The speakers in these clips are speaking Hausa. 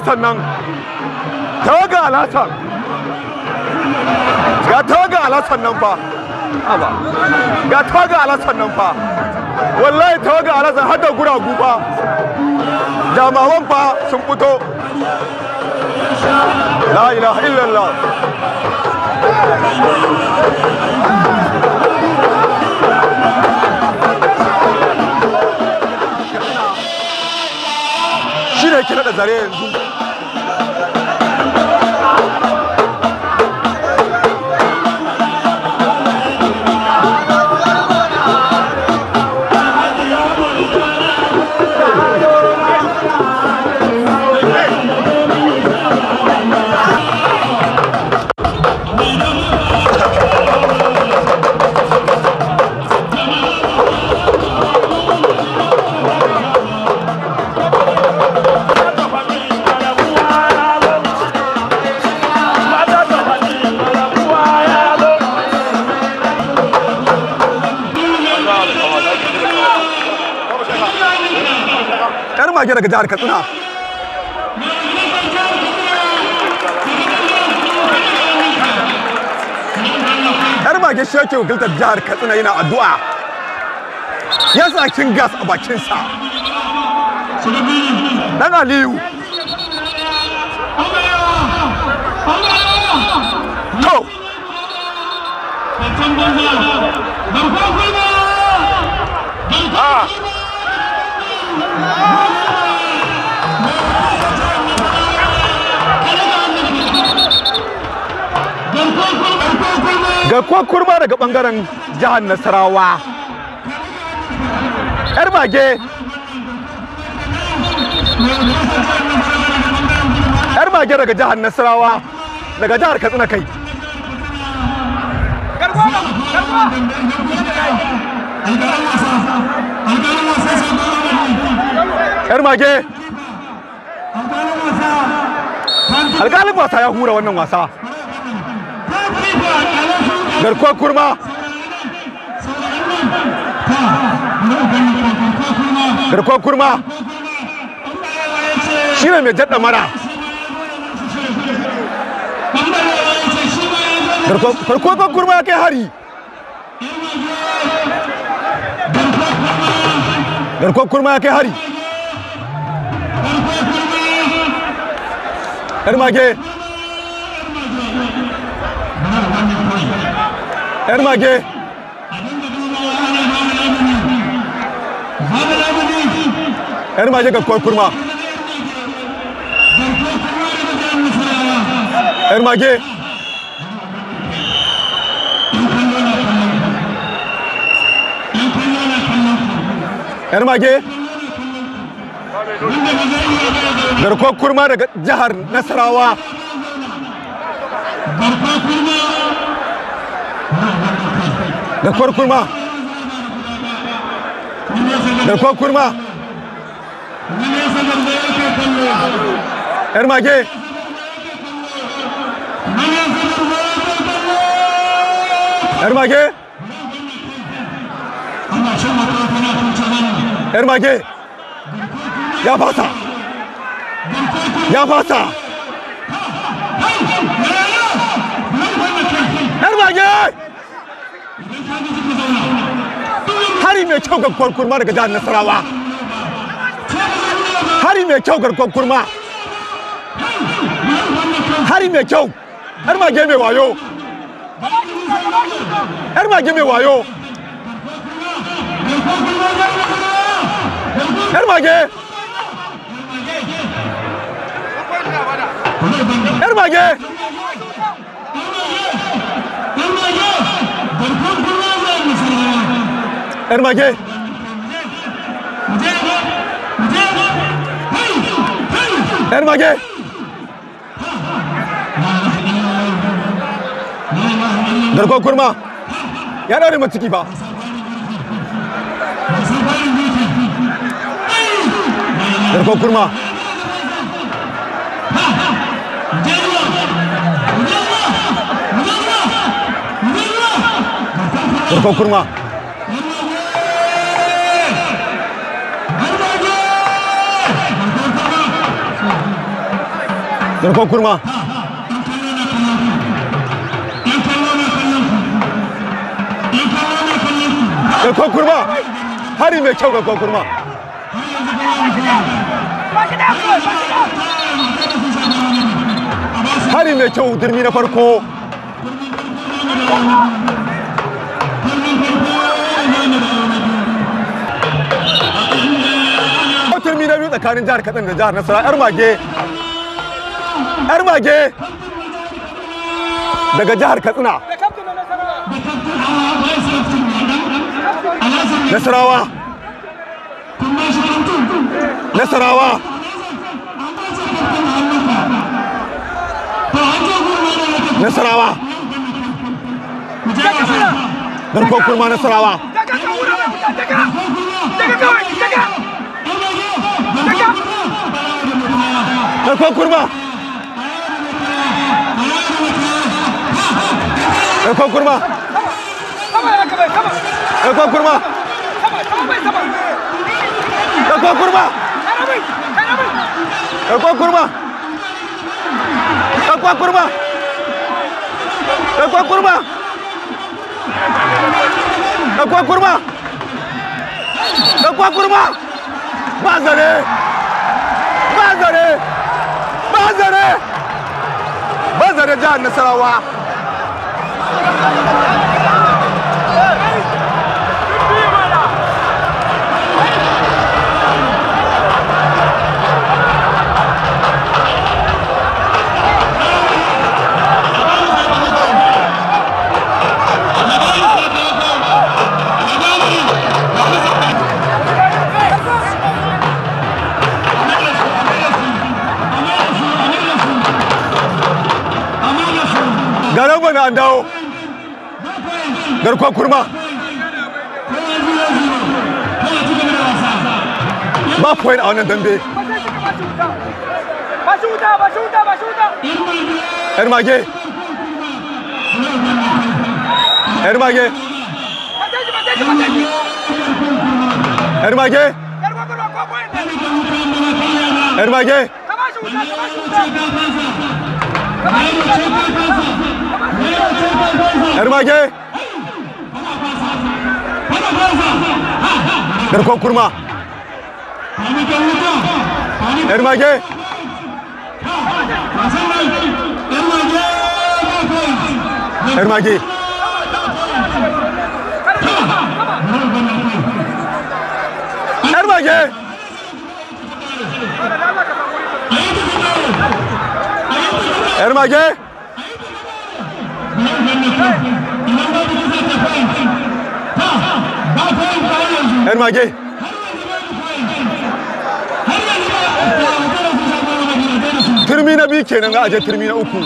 alasan nan ta tawaga alasan ga ta tawaga alasan nan fa haba ga ta tawaga alasan nan fa wallahi ta alhassan alasan hada gura guba jama'an fa sun fito la ilaha illallah sai kira da zare daga jihar katsina yar bakin sheke wakiltar jihar katsina yana addu'a ya kin gas a bakinsa dan aliyu to Ko kurma daga bangaren jihar nasarawa yar mage yar mage daga jihar nasarawa daga jihar katsina kai yar mage alƙalin wasa ya hura wannan wasa garkuwar kurma garkuwar kurma shi ne mai jaɗa mara garkuwar kurma ya kai hari garkuwar kurma ya kai hari yar mage Ermage. Ermage ka koy kurma. Ermage. Ermage. Garko kurma daga jihar Nasarawa. Garko kurma Dekor kurma. Dekor kurma. Ya Ermage. Ya Yapasa. Yapasa. Ermage. hari mai kyau ga kurma daga jihar nasarawa hari mai kyau ga kurma hari mai kyau yar mage mai wayo yar mage mai wayo yar mage yar mage yar mage yar mage garko kurma ya dare mu ciki kurma kurma garkon kurma garkon kurma hari mai kyau garkon kurma hari mai kyau dirmi na farko turmi biyu tsakanin jihar katsina da jihar nasara yar mage yar mage daga jihar katsina nasarawa nasarawa nasarawa garkon kurma nasarawa garkon kurma Ekon kurma. Ekon kurma. Ekon kurma. Ekon kurma. Ekon kurma. Ekon kurma. Ekon kurma. Ekon kurma. Bazare. Bazare. Bazare. Bazare jihar Nasarawa. I know. garkuwa kurma ba point a wannan dambe Ermage Ermage Ermage Ermage Ermage garkon kurma yar mage yar mage yar mage turmi na biyu kenan za je turmi na uku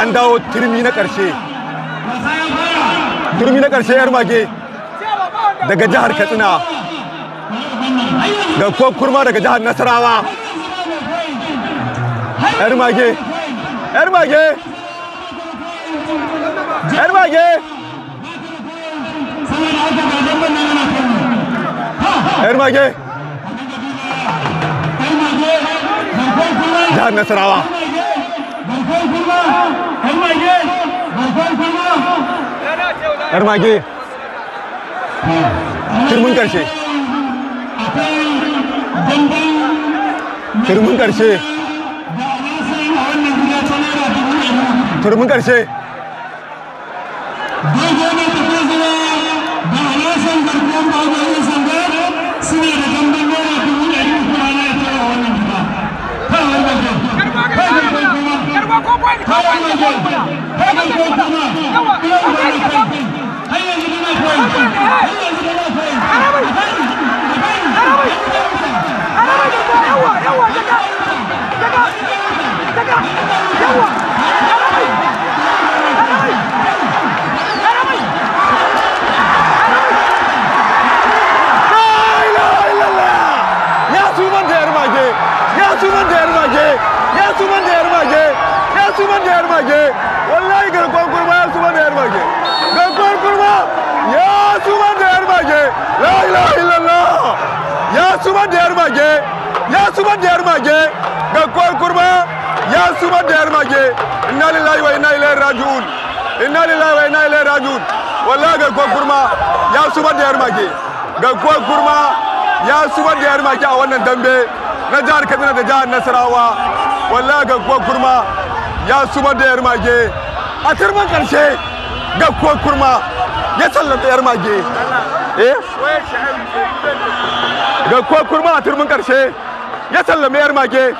an dawo turmi na ƙarshe turmi na ƙarshe yar mage daga jihar katsina ga kurma daga jihar nasarawa yar mage yar mage yar mage yar mage jihar nasarawa yar mage turmin karshe turmin karshe turmin karshe Kayan wajen, kayan wajen, suma da yar mage ya suma da yar mage kwan kurma ya suma da yar mage inna lillahi wa inna ilaihi raji'un inna lillahi wa inna ilaihi raji'un wallahi kwan kurma ya suma da yar mage kwan kurma ya suma da yar mage a wannan dambe na jihar Kaduna da jihar Nasarawa wallahi kwan kurma ya suma da yar mage a turban karshe kwan kurma ya sallata yar mage eh ga ko kurma a turmin karshe ya sallame yar mage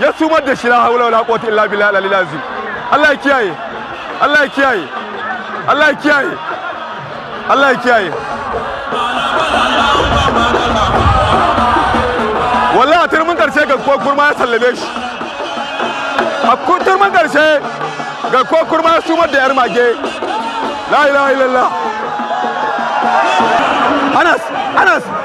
ya sumar da shi la haula wala quwwata illa billahi al azim Allah ya kiyaye Allah ya kiyaye Allah ya kiyaye Allah ya kiyaye wallahi a turmin karshe ga ko kurma ya sallame shi a turmin karshe ga ko kurma ya sumar da yar mage la ilaha illallah Anas, Anas,